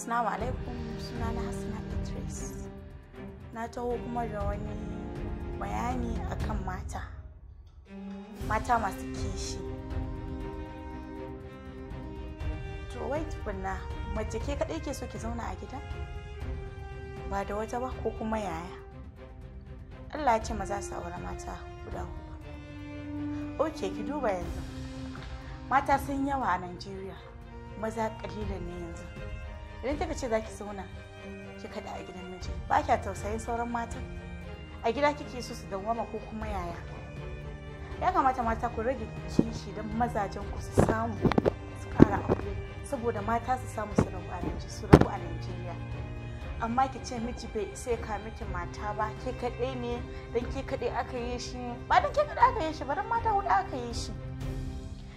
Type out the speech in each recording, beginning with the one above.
Assalamu alaikum suna na Hassana Idris. Na taho kuma da wani bayani akan mata. Mata masu kishi. To wai tukunna mace ke kaɗai ke so ki zauna a gida? Ba da wata ba ko kuma yaya? Allah ya ce maza su aure mata guda hudu. Oke ki duba yanzu. Mata sun yawa a Najeriya. Maza ƙalilan ne yanzu. idan kika ce zaki zauna ki kada a gidan miji ba kya tausayin sauran matan a gida kike so su wama ko kuma yaya ya kamata mata ku rage kishi don mazajen ku su samu su kara aure saboda mata su samu su rabu a su rabu a Najeriya amma ki ce miji bai isa ka miki mata ba ke kaɗai ne don ke kaɗai aka yi shi ba don ke kaɗai aka yi shi ba don mata huɗu aka yi shi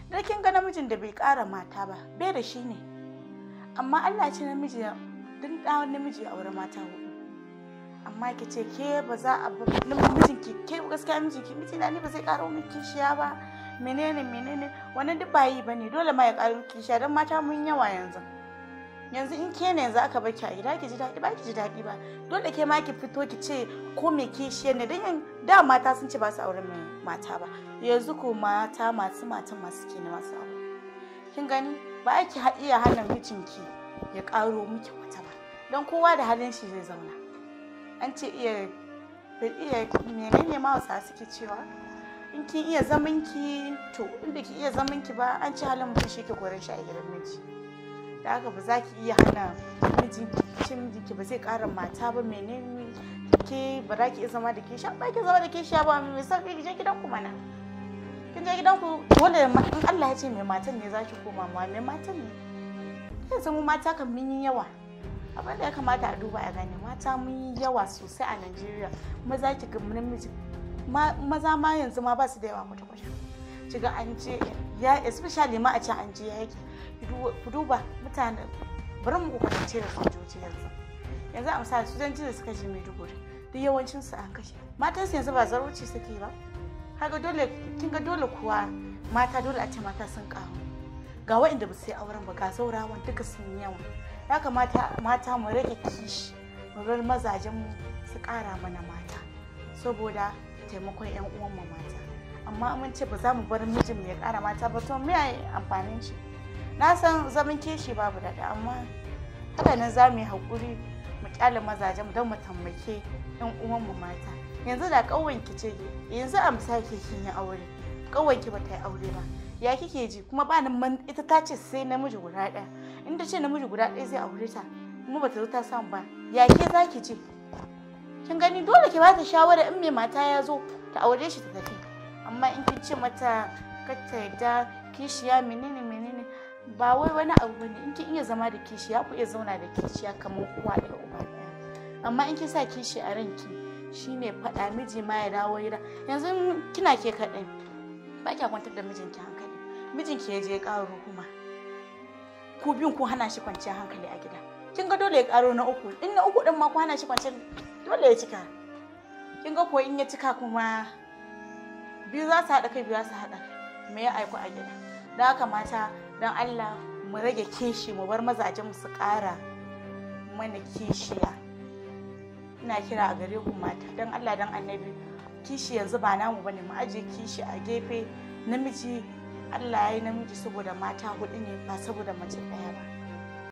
dan kin ga namijin da bai ƙara mata ba bai da shi ne amma Allah ce namiji duk ɗan namiji ya aure mata hudu amma ki ce ke ba za a bar namijin ki ke gaskiya miji ki miji na ni ba zai karo min kishiya ba menene menene wannan duk ba bane dole ma ya karo kishiya don mata mun yawa yanzu yanzu in ke ne yanzu aka bar ki a gida ki ji daɗi ba ki ji daɗi ba dole ke ma ki fito ki ce ko me kishiya ne don da mata sun ce ba su aure mata ba yanzu ko mata masu matan masu ke ne masu aure kin gani ba ki iya hana mijinki ya ƙaro miki wata ba don kowa da halin shi zai zauna an ce iya iya menene ma wasa suke cewa in kin iya zaman ki to inda ki iya zaman ki ba an ci halin mutum shi ke gore shi a gidan miji da haka ba za ki iya hana mijin cin mijinki ba zai ƙara mata ba menene ke ba za ki iya zama da ke sha ba ki zama da ke sha ba mai sauƙi ki je gidan ku mana kin je gidan ku dole in Allah ya ce mai matan ne zaki koma ma mai matan ne kin san mu mata kan mun yi yawa abin da ya kamata a duba a gane mata mun yi yawa sosai a Najeriya maza ki ga namiji maza ma yanzu ma ba su da yawa kwata ki ga an je ya especially ma a can an je yaki ku duba mutane bari mu ce da sojoji yanzu yanzu a misali su sojoji da suka je Maiduguri duk yawancinsu an kashe su yanzu ba zarurci suke ba kaga dole kin ga dole kuwa mata dole a ce mata sun kawo ga waɗanda ba su yi auren ba ga saurawan duka sun yawa ya kamata mata mu rage kishi mu bar mazajen mu su ƙara mana mata saboda taimakon 'yan uwan mu mata amma mun ce ba za mu bar mijin mu ya ƙara mata ba to me amfanin shi na san zaman kishi babu daɗa amma haka nan za mu yi hakuri mu ƙyale mazajen mu don mu tambake 'yan uwan mu mata yanzu da ƙauyen ki ce yanzu amsa ke kin yi aure ƙauyen ki bata yi aure ba ya kike ji kuma ba nan ita ta ce sai namiji guda ɗaya in ta ce namiji guda ɗaya zai aure ta kuma bata zo ta samu ba ya ke za ki ji kin gani dole ki bata shawara in mai mata ya zo ta aure shi ta tafi amma in kin ce mata ka ta yarda kishiya menene menene ba wai wani abu bane in kin iya zama da kishiya ku iya zauna da kishiya kamar uwa da uba amma in kin sa kishi a ranki shine faɗa miji ma ya dawo gida yanzu kina ke kaɗai ba kya kwantar da mijinki hankali mijinki ya je ƙaro kuma ku biyun ku hana shi kwanciyar hankali a gida kin ga dole ya ƙaro na uku in na uku ɗin ma ku hana shi kwanciyar dole ya cika kin ga ko in ya cika kuma biyu za su haɗa kai biyu za su haɗa me ya aiku a gida don haka mata don Allah mu rage kishi mu bar mazajen mu su ƙara mana kishiya ina kira a gare ku mata don allah don annabi kishi yanzu ba namu bane mu aje kishi a gefe namiji allah ya yi namiji saboda mata hudu ne ba saboda mace ɗaya ba